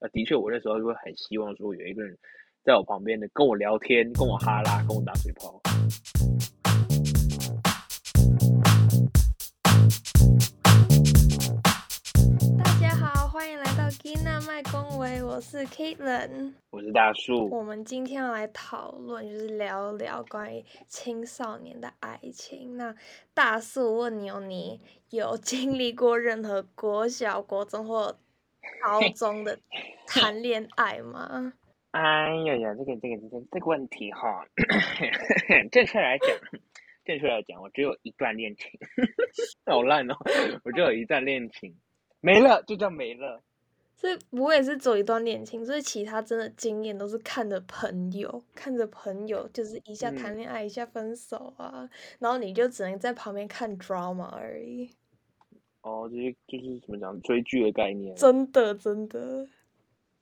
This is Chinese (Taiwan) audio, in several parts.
呃，的確，我那時候就會很希望說有一個人在我旁邊的跟我聊天，跟我哈拉，跟我打嘴炮。大家好，歡迎來到吉娜麥公維，我是 Kaitlyn，我是大樹。我們今天要來討論，就是聊聊關於青少年的愛情。那大樹問你，你有經歷過任何國小、國中或？高中的談戀愛嘛。哎呀呀，這個這個這個這個問題哈，正確來講，正確來講，我只有一段戀情， 好爛哦，我只有一段戀情，沒了就叫沒了。所以我也是走一段戀情，所以其他真的經驗都是看的朋友，看着朋友，就是一下談戀愛，一下分手啊，嗯、然後你就只能在旁邊看 drama 而已。哦，就是就是怎麼講，追劇的概念，真的真的，真的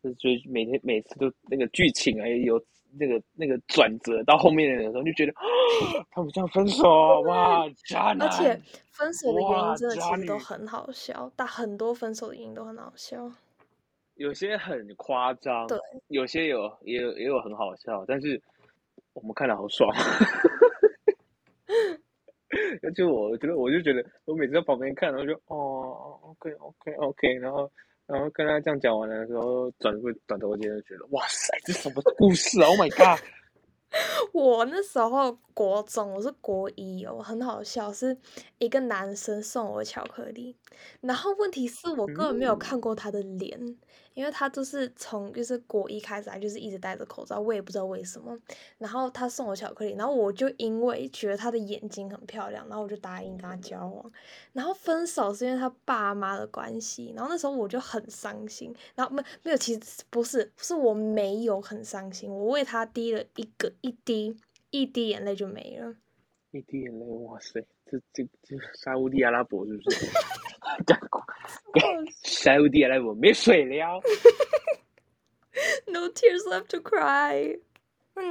就是追每天每次都那個劇情啊，有，有那個那個轉折，到後面的時候就覺得， 他們這樣分手 哇，渣男。而且分手的原因真的其實都很好笑，但很多分手的原因都很好笑，有些很誇張，對，有些有也有也有很好笑，但是我們看得好爽。 就我，我就覺得，我就覺得，我每次在旁邊看，我就哦，OK，OK，OK，okay, okay, okay, 然後，然後跟他這樣講完了之後轉過轉頭，我就覺得，哇塞，這什麼故事啊 ？Oh my god！我那時候國中，我是國一哦、喔，很好笑，是一個男生送我巧克力，然後問題是我根本沒有看過他的臉。嗯因為他就是從就是國一開始，就是一直戴着口罩，我也不知道為什麼。然後他送我巧克力，然後我就因為覺得他的眼睛很漂亮，然後我就答應跟他交往。然後分手是因為他爸媽的關係，然後那時候我就很傷心。然後沒沒有，其實不是，是我沒有很傷心，我為他滴了一個一滴一滴眼淚就沒了。一滴眼淚，哇塞，這這這沙烏地阿拉伯是不是？ 小弟來，我沒水了。No tears left to cry。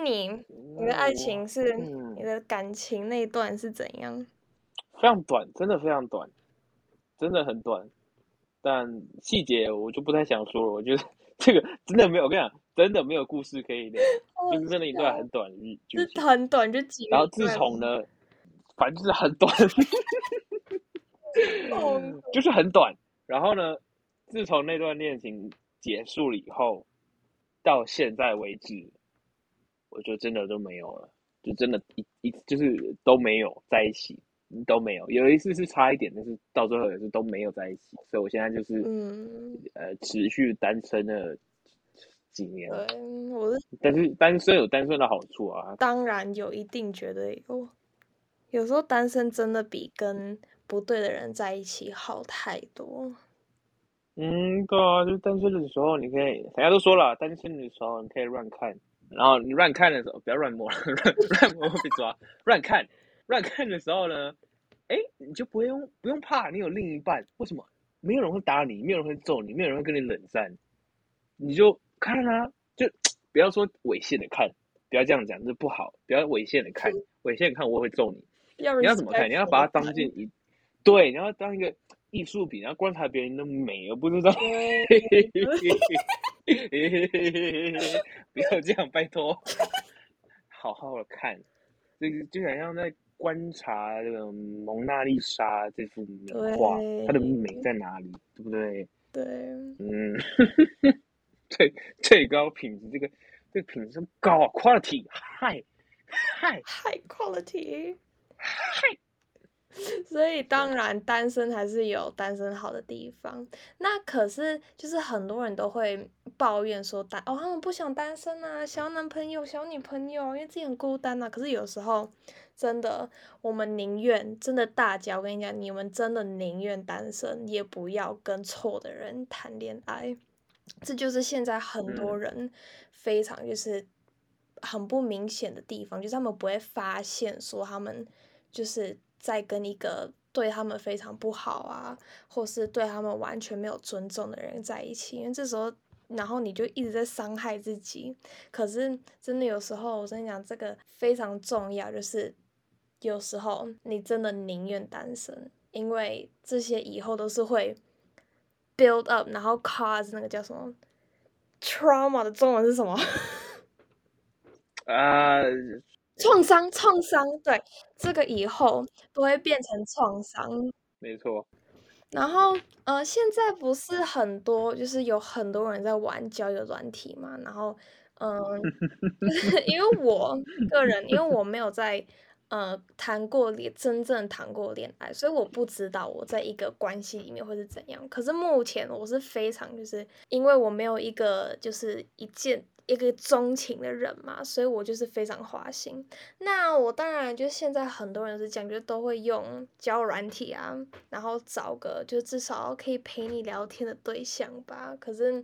你、 嗯，你的愛情是、嗯、你的感情那一段是怎樣？非常短，真的非常短，真的很短。但細節我就不太想說了。我覺得這個真的沒有，我跟你講，真的沒有故事可以聊。就是那一段很短，就很短，就幾。然後自從呢，反正很短。 就是很短，然後呢，自從那段戀情結束了以後，到現在為止，我覺得真的都沒有了，就真的，一，一，就是都沒有在一起，都沒有。有一次是差一點，但是到最後也是都沒有在一起。所以我現在就是，嗯、呃，持續單身了幾年了。對，但是單身有單身的好處啊。當然，有一定覺得有，有時候單身真的比跟。不對的人在一起好太多。嗯，對啊，就是單身的時候，你可以，大家都說了，單身的時候你可以亂看，然後你亂看的時候不要亂摸，亂亂摸會被抓。亂 看，亂看的時候呢，哎、欸，你就不用，不用怕，你有另一半，為什麼？沒有人會打你，沒有人會揍你，沒有人會跟你冷戰，你就看啊，就不要說猥褻的看，不要這樣講，這不好，不要猥褻的看，猥褻就的看我也會揍你。要你要怎麼看？你要把它當進一。對，你要當一個藝術品，然後觀察別人的美，而不知道， 不要這樣，拜託，好好的看，就就想象在觀察這個蒙娜麗莎這幅畫，對它的美在哪裡，對不對？對，嗯， 最最高品質、這個，這個這個品質高、啊、，quality high high high quality high。 所以當然，單身還是有單身好的地方。那可是就是很多人都會抱怨說單哦，他們不想單身啊，想要男朋友，想女朋友，因為自己很孤單啊。可是有時候真的，我們寧願真的大家，我跟你講，你們真的寧願單身，也不要跟錯的人談戀愛。這就是現在很多人非常就是很不明顯的地方，就是他們不會發現說他們就是。在跟一個對他們非常不好啊，或是對他們完全沒有尊重的人在一起，因為這時候，然後你就一直在傷害自己。可是真的有時候，我跟你講，這個非常重要，就是有時候你真的寧願單身，因為這些以後都是會 build up，然後 cause 那個叫什麼 trauma 的中文是什麼？啊、 uh。創傷，創傷，對，這個以後不會變成創傷，沒錯。然後，呃，現在不是很多，就是有很多人在玩交友軟體嘛。然後，嗯、呃， 因為我個人，因為我沒有在，呃，談過戀，真正談過戀愛，所以我不知道我在一個關係裡面會是怎樣。可是目前我是非常，就是因為我沒有一個，就是一見。一個鍾情的人嘛，所以我就是非常花心。那我當然就現在很多人是講究都會用交友軟體啊，然後找個就至少可以陪你聊天的對象吧。可是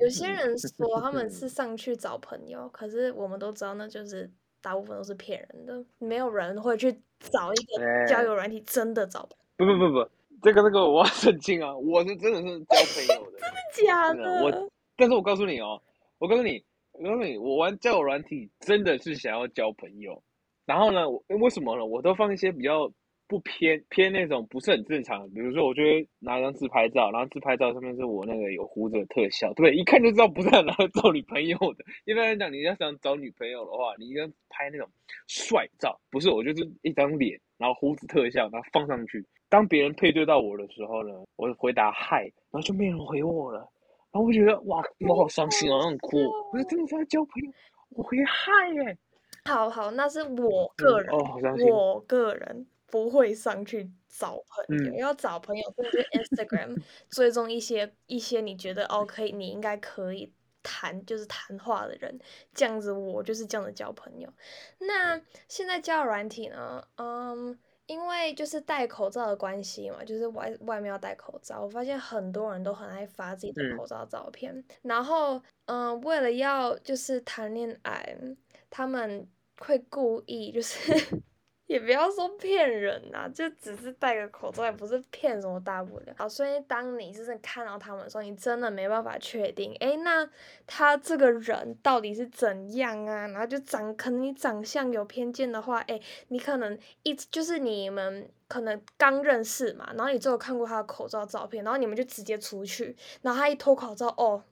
有些人說他們是上去找朋友， 可是我們都知道呢，那就是大部分都是騙人的。沒有人會去找一個交友軟體真的找朋友。欸，不不不不，這個這個我要澄清啊，我是真的是交朋友的。 真的假的，的？我，但是我告訴你哦，我告訴你。我我玩交友軟體真的是想要交朋友，然後呢我，為什麼呢？我都放一些比較不偏偏那種不是很正常的，比如說，我就會拿張自拍照，然後自拍照上面是我那個有鬍子的特效，對不對？一看就知道不是來、啊、找女朋友的。一般來講，你要想找女朋友的話，你應該拍那種帥照，不是？我就是一張臉，然後鬍子特效，然後放上去。當別人配對到我的時候呢，我回答嗨，然後就沒人回我了。然後我覺得哇，我好傷心啊，很酷。不是、哦、真的在交朋友，我會害耶、欸。好好，那是我個人，嗯哦、我個人不會上去找朋友，嗯、要找朋友就在 Instagram 追蹤一些一些你覺得 哦可以，你應該可以談就是談話的人，這樣子我就是這樣的交朋友。那現在交友軟體呢？嗯。因為就是戴口罩的關係嘛，就是外外面要戴口罩，我發現很多人都很愛發自己的口罩的照片，對然後，嗯、呃，為了要就是談戀愛，他們會故意就是。 也不要說騙人吶、啊，就只是戴個口罩，也不是騙什麼大不了。好，所以當你真正看到他們的時候，你真的沒辦法確定，誒，那他這個人到底是怎樣啊？然後就長，可能你長相有偏見的話，誒，你可能一就是你們可能剛認識嘛，然後你只有看過他的口罩照片，然後你們就直接出去，然後他一脫口罩，哦，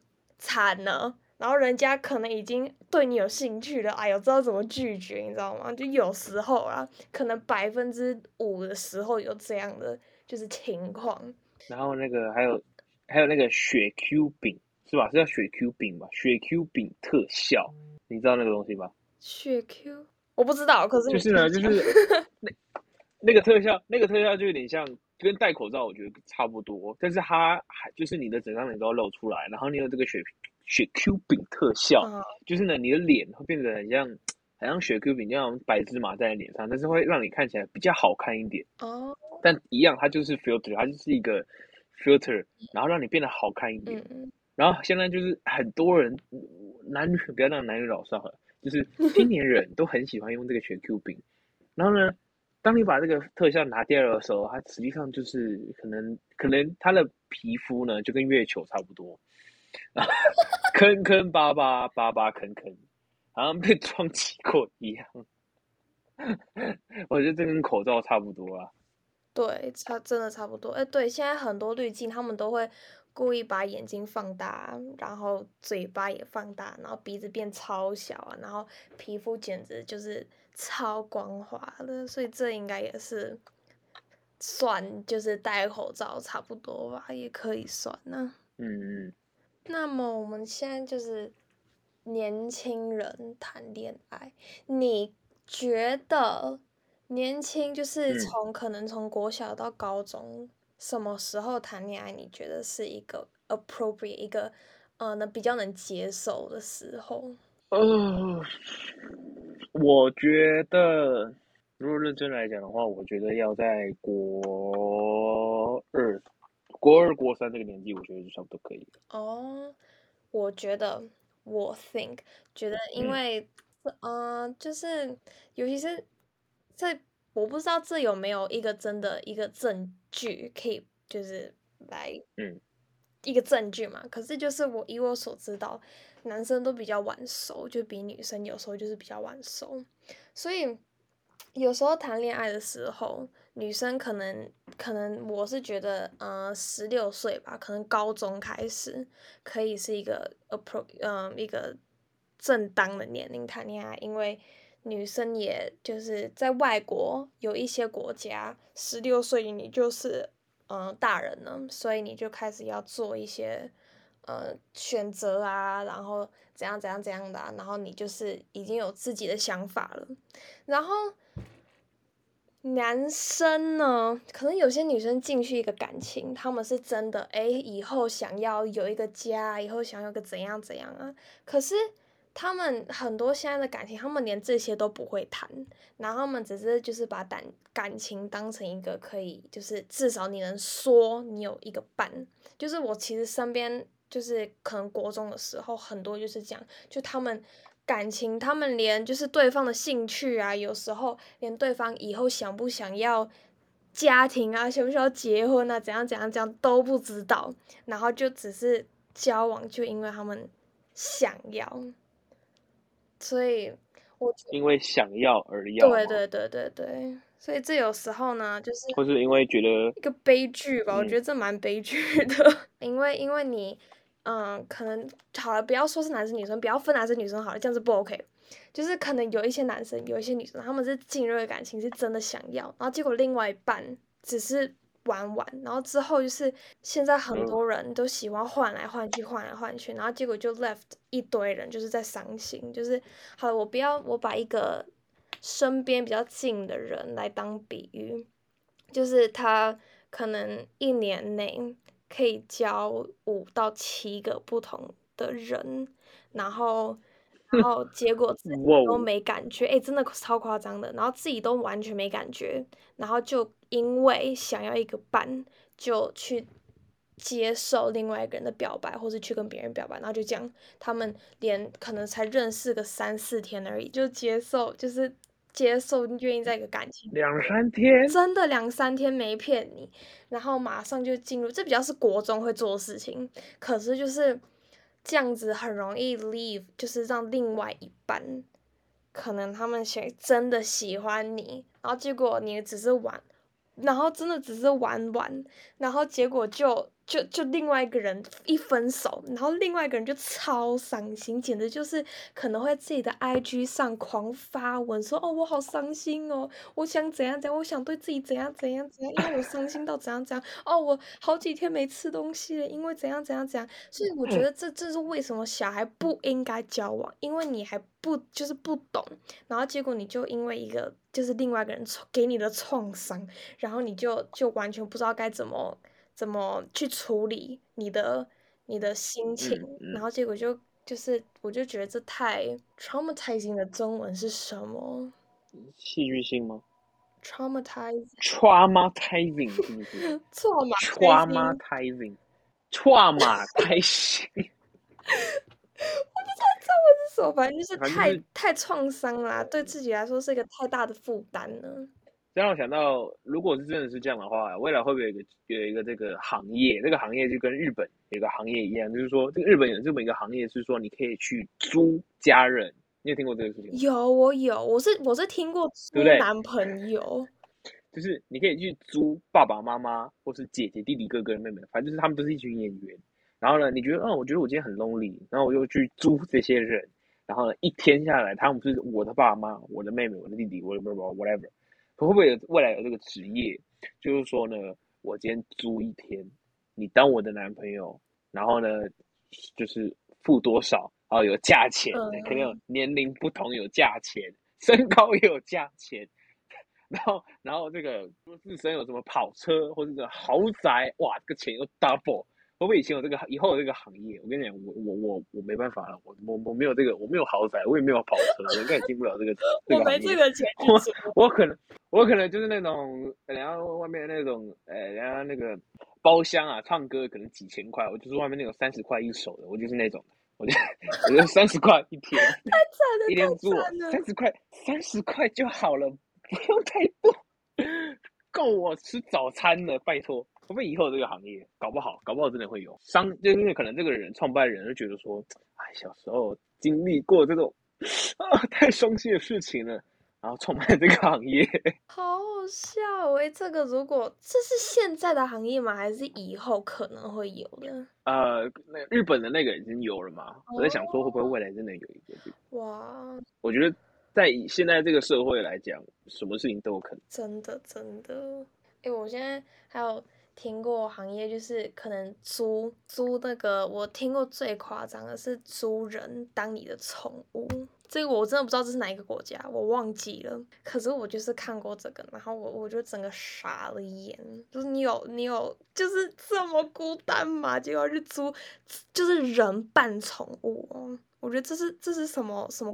慘了。然後人家可能已經對你有興趣了，哎呦，知道怎麼拒絕，你知道嗎？就有時候啊，可能百分之五的時候有這樣的就是情況。然後那個還有還有那個雪 Q 餅是吧？是叫雪 Q 餅吧？雪 Q 餅特效，嗯、你知道那個東西嗎？雪 Q 我不知道，可是就是呢、啊，就是 那那個特效，那個特效就有點像。跟戴口罩我覺得差不多，但是它還就是你的整張臉都要露出來，然後你有這個雪雪 Q 餅特效，就是呢你的臉會變得很像，很像雪 Q 餅，就像白芝麻在臉上，但是會讓你看起來比較好看一點。哦。但一樣，它就是 filter，它就是一個 filter，然後讓你變得好看一點。然後現在就是很多人，男女不要讓男女老少了，就是青年人都很喜歡用這個雪 Q 餅， 然後呢。當你把這個特效拿掉的時候，它實際上就是可能可能它的皮膚呢就跟月球差不多， 坑坑巴巴巴巴坑坑，好像被撞擊過一樣。 我覺得這跟口罩差不多啊。對，它真的差不多。哎、欸，對，現在很多濾鏡他們都會。故意把眼睛放大，然後嘴巴也放大，然後鼻子變超小啊，然後皮膚簡直就是超光滑的，所以這應該也是算就是戴口罩差不多吧，也可以算那、啊。嗯嗯。那麼我們現在就是年輕人談戀愛，你覺得年輕就是從、嗯、可能從國小到高中？什麼時候談戀愛？你覺得是一個 appropriate 一個，呃，能比較能接受的時候？嗯、呃，我覺得如果認真來講的話，我覺得要在國二、國二、國三這個年紀，我覺得是差不多可以。哦，我覺得，我 think 覺得，因為，嗯、呃，就是，尤其是在。我不知道這有沒有一個真的一個證據可以，就是來嗯一個證據嘛？可是就是我以我所知道，男生都比較晚熟，就比女生有時候就是比較晚熟，所以有時候談戀愛的時候，女生可能可能我是覺得，嗯、呃，十六歲吧，可能高中開始可以是一個 appro 嗯、呃，一個正當的年齡談戀愛，因為。女生也就是在外國有一些國家，十六歲你就是嗯大人了，所以你就開始要做一些呃、嗯、選擇啊，然後怎樣怎樣怎樣的、啊，然後你就是已經有自己的想法了。然後男生呢，可能有些女生進去一個感情，他們是真的誒、欸，以後想要有一個家，以後想要個怎樣怎樣啊，可是。他們很多現在的感情，他們連這些都不會談，然後他們只是就是把感感情當成一個可以，就是至少你能說你有一個伴。就是我其實身邊就是可能國中的時候，很多就是這樣，就他們感情，他們連就是對方的興趣啊，有時候連對方以後想不想要家庭啊，想不想要結婚啊，怎樣怎樣怎樣都不知道，然後就只是交往，就因為他們想要。所以我，我因為想要而要，對對對對對。所以這有時候呢，就是，或是因為覺得一個悲劇吧，嗯、我覺得這蠻悲劇的。 因為因為你，嗯，可能好了，不要說是男生女生，不要分男生女生好了，這樣子不 OK。就是可能有一些男生，有一些女生，他們是進入的感情是真的想要，然後結果另外一半只是。玩玩，然後之後就是現在很多人都喜歡換來換去，換來換去，然後結果就 left 一堆人就是在傷心。就是，好，我不要我把一個身邊比較近的人來當比喻，就是他可能一年內可以交五到七個不同的人，然後。然後結果自己都沒感覺，哎哇、欸，真的超誇張的。然後自己都完全沒感覺，然後就因為想要一個伴，就去接受另外一個人的表白，或者去跟別人表白，然後就這樣，他們連可能才認識個三四天而已，就接受，就是接受願意在一個感情。兩三天。真的兩三天沒騙你，然後馬上就進入，這比較是國中會做的事情，可是就是。這樣子很容易 leave，就是讓另外一半，可能他們誰真的喜歡你，然後結果你只是玩，然後真的只是玩玩，然後結果就。就就另外一個人一分手，然後另外一個人就超傷心，簡直就是可能會在自己的 IG 上狂發文說，說哦我好傷心哦，我想怎樣怎樣，我想對自己怎樣怎樣怎樣，因為我傷心到怎樣怎樣，哦我好幾天沒吃東西了，因為怎樣怎樣怎樣。所以我覺得這這是為什麼小孩不應該交往，因為你還不就是不懂，然後結果你就因為一個就是另外一個人創給你的創傷，然後你就就完全不知道該怎麼。怎麼去處理你的你的心情？嗯、然後結果就就是，我就覺得這太 traumatizing 的中文是什麼？戲劇性嗎？traumatizing，traumatizing，traumatizing，戲劇性。我不知道中文是什麼，反正就是太是太創傷啦，啊，對自己來說是一個太大的負擔呢。讓我想到，如果是真的是這樣的話，未來會不會有一個有一個這個行業？這個行業就跟日本有一個行業一樣，就是說，這個日本有這麼一個行業，是說你可以去租家人。你有聽過這個事情嗎？有，我有，我是我是聽過租男朋友對對。就是你可以去租爸爸媽媽，或是姐姐、弟弟、哥哥、妹妹，反正就是他們都是一群演員。然後呢，你覺得嗯、哦，我覺得我今天很 lonely，然後我就去租這些人。然後呢，一天下來，他們是我的爸媽、我的妹妹、我的弟弟、我的 brother whatever。會不會有未來有這個職業，就是說呢，我今天租一天，你當我的男朋友，然後呢，就是付多少，然後有價錢，嗯、可能有年齡不同有價錢，身高也有價錢，然後然後這個自身有什麼跑車或者是什麼豪宅，哇，這個錢又 double。會不會以前有這個，以後有這個行業？我跟你講，我我我我沒辦法了，我我我沒有這個，我沒有豪宅，我也沒有跑車，我根本進不了這個。我沒這個錢我，我可能。 我可能就是那種，然後外面那種，呃、哎，然後那個包廂啊，唱歌可能幾千塊，我就是外面那種三十塊一首的，我就是那種，我就我就三十塊一天，太慘了，一天做三十塊，三十塊就好了，不用太多，夠我吃早餐了，拜托，除非以,以後這個行業搞不好，搞不好真的會有傷，就是可能這個人創辦人就覺得說，哎，小時候經歷過這種啊太傷心的事情了。然後創辦這個行業，好，好笑哎、欸！這個如果這是現在的行業嗎？還是以後可能會有的？呃、那個，日本的那個已經有了嗎？哦、我在想說，會不會未來真的有一個？哇！我覺得在以現在這個社會來講，什麼事情都有可能。真的真的，哎、欸，我現在還有聽過行業，就是可能租租那個，我聽過最誇張的是租人當你的寵物。這個我真的不知道這是哪一個國家，我忘記了。可是我就是看過這個，然後我我就整個傻了眼。就是你有你有，就是這麼孤單嘛，就要去租，就是人扮寵物。我覺得這是這是什麼什麼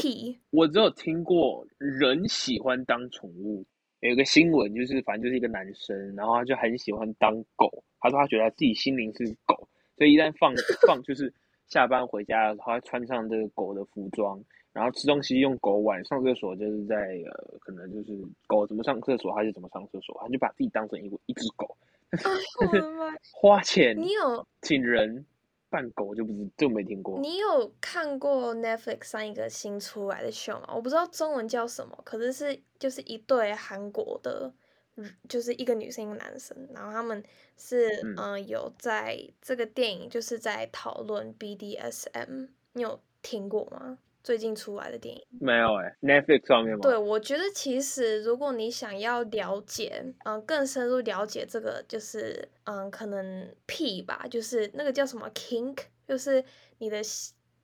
屁？我只我只有聽過人喜歡當寵物，有個新聞就是，反正就是一個男生，然後他就很喜歡當狗，他說他覺得自己心靈是狗，所以一旦放放就是。 下班回家他會穿上這個狗的服裝，然後吃東西用狗碗，上廁所就是在呃，可能就是狗怎麼上廁所，還是怎麼上廁所，他就把自己當成一一只狗。啊、 花錢，你有請人扮狗就不是就沒聽過？你有，你有看過 Netflix 上一個新出來的秀嗎？我不知道中文叫什麼，可能是，是就是一對韓國的。嗯、就是一個，女生，一個男生，然後他們是嗯、呃、有在這個電影就是在討論 BDSM，你有聽過嗎？最近出來的電影沒有哎、欸、Netflix 上面嗎？對，我覺得其實如果你想要了解，嗯、呃，更深入了解這個，就是嗯、呃，可能癖吧，就是那個叫什麼 kink，就是你的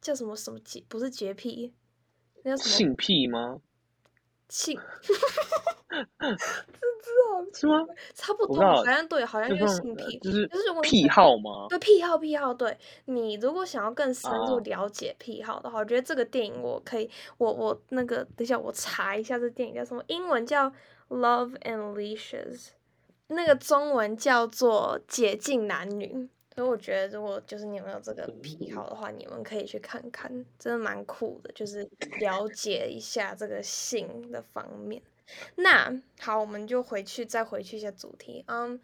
叫什麼什麼潔，不是潔癖，那叫什麼性癖嗎？性氣。 這是，好是嗎？差不多，好像對，像好像就是性癖，就是就是癖好嗎？對，癖好癖好。對，你如果想要更深入了解癖好的話，Oh. 我覺得這個電影我可以，我我那個等一下我查一下這電影叫什麼，英文叫 Love and Leashes，那個中文叫做《解禁男女》。所以我覺得，如果就是你們有，有這個癖好的話，你們可以去看看，真的蠻酷的，就是了解一下這個性的方面。那好，我們就回去再回去一下主題。嗯，um，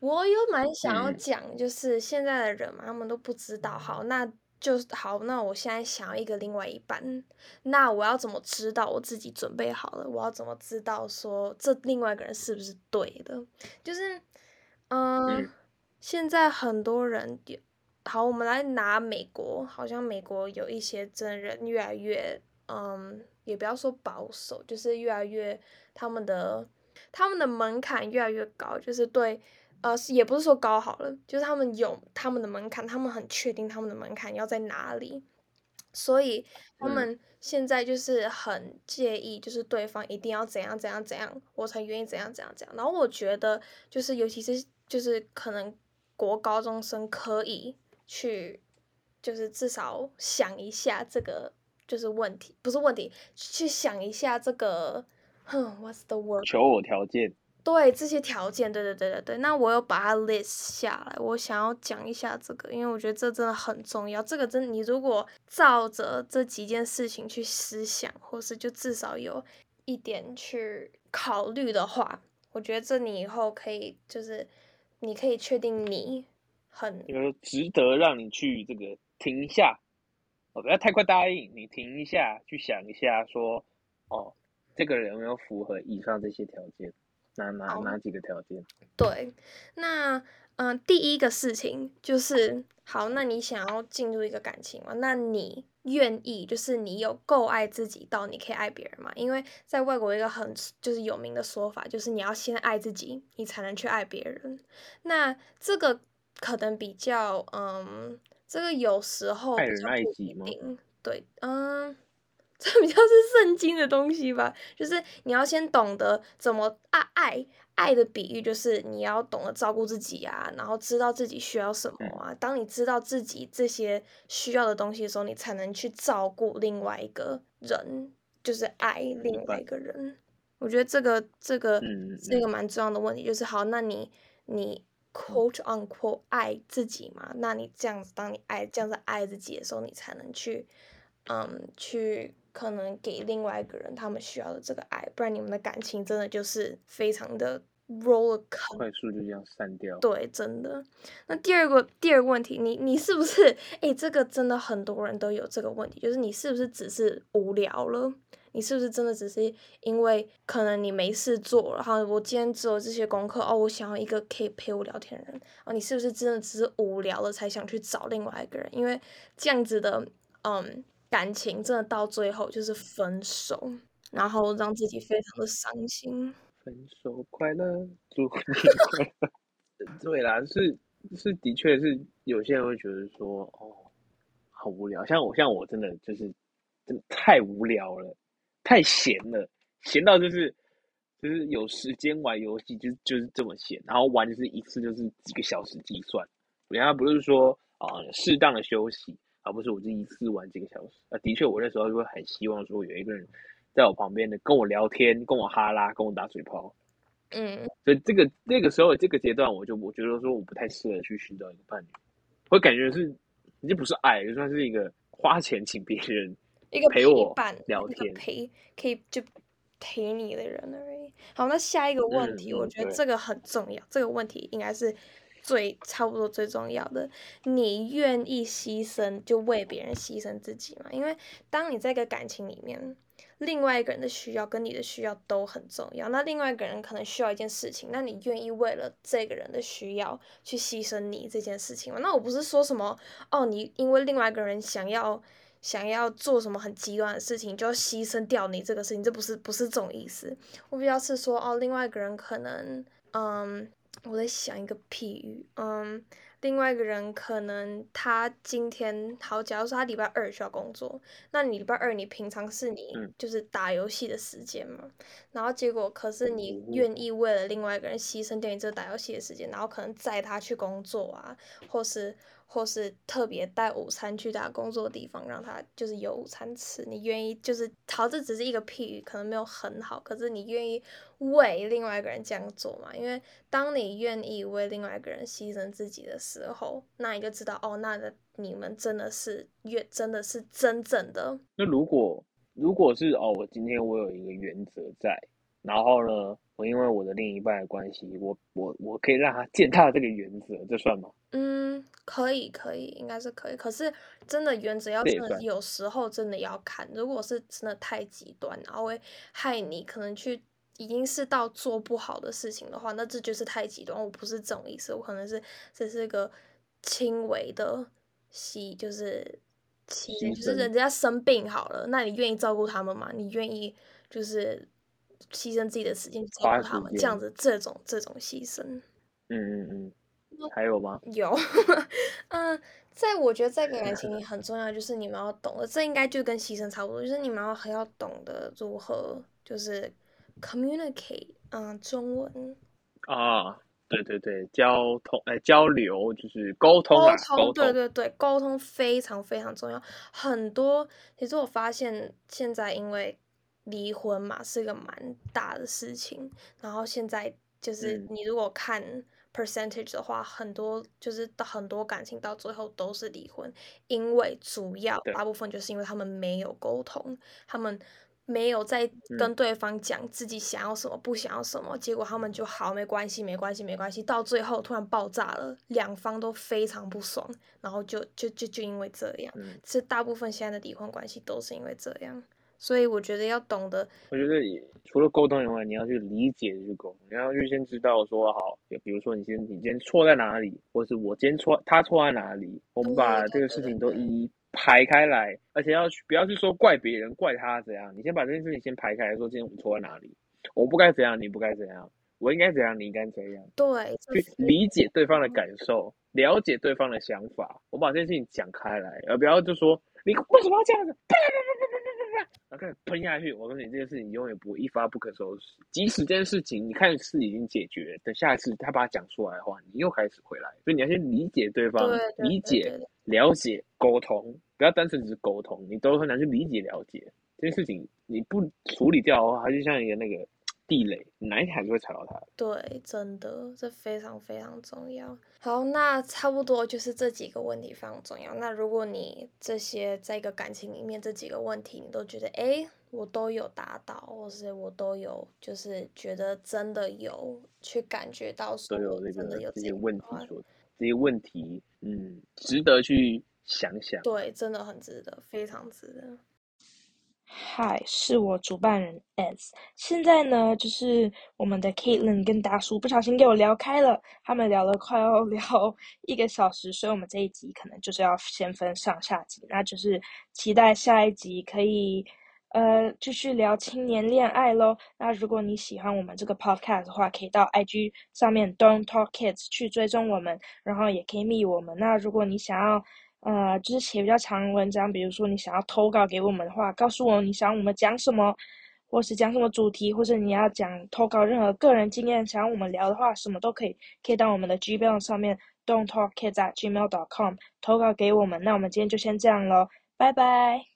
我有蠻想要講，就是現在的人嘛，他們都不知道。好，那就好，那我現在想要一個另外一半，那我要怎麼知道我自己準備好了？我要怎麼知道說這另外一個人是不是對的？就是，um, 嗯，現在很多人有，好，我們來拿美國，好像美國有一些真人越來越。嗯，um, 也不要說保守，就是越來越他們的，他們的門檻越來越高，就是對，呃，也不是說高好了，就是他們有他們的門檻，他們很確定他們的門檻要在哪裡，所以他們現在就是很介意，就是對方一定要怎樣怎樣怎樣，我才願意怎樣怎樣怎樣。然後我覺得，就是尤其是就是可能國高中生可以去，就是至少想一下這個，就是問題，不是問題，去想一下這個，哼，What's the word？求我條件？對，這些條件，對對對對對。那我要把它 list 下來，我想要講一下這個，因為我覺得這真的很重要。這個真，你如果照着這幾件事情去思想，或是就至少有一點去考慮的話，我覺得這你以後可以，就是你可以確定你很值得讓你去這個停下。我不要太快答應你，停一下，去想一下說，說哦，這個人有沒有符合以上這些條件？哪哪好哪幾個條件？對，那嗯，第一個事情就是，是好，那你想要進入一個感情嘛？那你願意，就是你有夠愛自己到你可以愛別人嘛？因為在外國有一個很就是有名的說法，嗯、就是你要先愛自己，你才能去愛別人。那這個可能比較嗯。這個有時候愛人如己嗎？對，嗯，這比較是聖經的東西吧。就是你要先懂得怎麼、啊、愛愛愛的比喻，就是你要懂得照顧自己啊，然後知道自己需要什麼啊。嗯、當你知道自己這些需要的東西的時候，你才能去照顧另外一個人，就是愛另外一個人。我覺得這個這個這、嗯嗯、個蠻重要的問題，就是好，那你你。Quote unquote，愛自己嘛，那你這樣子，當你愛這樣子愛自己的時候，你才能去，嗯，去可能給另外一個人他們需要的這個愛，不然你們的感情真的就是非常的 rollercoaster，快速就這樣散掉。對，真的。那第二個第二個問題，你你是不是，哎，這個真的很多人都有這個問題，就是你是不是只是無聊了？你是不是真的只是因為可能你沒事做，然後我今天做這些功課哦，我想要一個可以陪我聊天的人哦，你是不是真的只是無聊了才想去找另外一個人？因為這樣子的，嗯，感情真的到最後就是分手，然後讓自己非常的傷心。分手快樂，祝你快樂。 對啦，是是，的確是有些人會覺得說，哦，好無聊。像我，像我真的就是，真的太無聊了。太閒了，閒到就是就是有時間玩遊戲，就就是這麼閒，然後玩就是一次就是幾個小時計算。人家不是說啊，適當的休息，而不是我這一次玩幾個小時。啊，的確，我那時候就會很希望說有一個人在我旁邊的，跟我聊天，跟我哈拉，跟我打嘴炮。嗯，所以這個那個時候這個階段，我就我覺得說我不太適合去尋找一個伴侶，我感覺是你就不是愛，就算是一個花錢請別人。一個陪伴，陪我一個陪可以就陪你的人而已。好，那下一個問題，嗯，我覺得這個很重要，對這個問題應該是最差不多最重要的。你願意犧牲就為別人犧牲自己嗎？因為當你在一個感情裡面，另外一個人的需要跟你的需要都很重要。那另外一個人可能需要一件事情，那你願意為了這個人的需要去犧牲你這件事情嗎？那我不是說什麼哦，你因為另外一個人想要。想要做什麼很極端的事情，就要犧牲掉你這個事情，這不是不是這種意思。我比較是說，哦，另外一個人可能，嗯，我在想一個譬喻，嗯，另外一個人可能他今天好，假如說他禮拜二需要工作，那你禮拜二你平常是你就是打遊戲的時間嘛，然後結果可是你願意為了另外一個人犧牲掉你這個打遊戲的時間，然後可能載他去工作啊，或是。或是特別帶午餐去他工作的地方，讓他就是有午餐吃。你願意就是，好，這只是一個譬喻，可能沒有很好，可是你願意為另外一個人這樣做嘛？因為當你願意為另外一個人犧牲自己的時候，那你就知道哦，那個你們真的是越，真的是真正的。那如果如果是哦，我今天我有一個原則在，然後呢，我因為我的另一半的關係，我我我可以讓他踐踏這個原則，這算嗎？嗯，可以可以，應該是可以。可是真的原則要真的，有時候真的要看，如果是真的太極端，然後會害你，可能去已經是到做不好的事情的話，那這就是太極端。我不是這種意思，我可能是這是一個輕微的犧就是犧牲，就是人家生病好了，那你願意照顧他們嗎？你願意就是。犧牲自己的時間照顧他們，這樣子這種這種犧牲。嗯嗯嗯，還有嗎？有呵呵，嗯，在我覺得這個感情裡很重要，嗯、就是你們要懂得，這應該就跟犧牲差不多，就是你們要還要懂得如何就是 communicate，嗯，中文。啊，對對對，交通，哎，交流就是溝通，啊，溝通，溝通對對對，溝通非常非常重要。很多其實我發現現在因為。離婚嘛，是一個蠻大的事情。然後現在就是，你如果看 percentage 的話，嗯、很多就是很多感情到最後都是離婚，因為主要大部分就是因為他們沒有溝通，對他們沒有在跟對方講自己想要什麼，嗯、不想要什麼，結果他們就好，沒關係，沒關係，沒關係，到最後突然爆炸了，兩方都非常不爽，然後就就就就，就因為這樣，是、嗯、大部分現在的離婚關係都是因為這樣。所以我覺得要懂得，我覺得除了溝通以外，你要去理解去溝通，你要預先知道，我說好，比如說你先你今天錯在哪裡，或者我今天錯他錯在哪裡，我們把這個事情都一一排開來，而且要去不要去說怪別人怪他怎樣，你先把這件事情先排開來說今天我錯在哪裡，我不該怎樣你不該怎樣，我應該怎樣你應該怎樣，怎樣對，就是、去理解對方的感受，嗯、了解對方的想法，我把這件事情講開來，而不要就說你為什麼要這樣子。呃呃呃呃呃然後開始噴下去，我告訴你，這件事情永遠不會一發不可收拾。即使這件事情你看似已經解決，等下一次他把它講出來的話，你又開始回來。所以你要先理解對方，理解、了解、溝通，不要單純只是溝通，你都很難去理解、了解這件事情。你不處理掉的話，它就像一個那個。地雷，哪一台就會踩到它。對，真的，這非常非常重要。好，那差不多就是這幾個問題非常重要。那如果你這些在一個感情裡面這幾個問題，你都覺得，哎，我都有達到，或是我都有，就是覺得真的有去感覺到說，都有的這些問題這些問題，嗯，值得去想想。對，真的很值得，非常值得。嗨，Hi, 是我主辦人 S。現在呢，就是我們的 Kaitlyn 跟大樹不小心給我聊開了，他們聊了快要聊一個小時，所以我們這一集可能就是要先分上下集，那就是期待下一集可以呃繼續聊青年戀愛嘍。那如果你喜歡我們這個 Podcast 的話，可以到 IG 上面 Don't Talk Kids 去追蹤我們，然後也可以密我們。那如果你想要，呃，就是寫比較長的文章，比如說你想要投稿給我們的話，告訴我們你想我們講什麼，或是講什麼主題，或是你要講投稿任何個人經驗，想要我們聊的話，什麼都可以，可以到我們的 Gmail 上面，Don't Talk Kids at Gmail.com 投稿給我們。那我們今天就先這樣嘍，拜拜。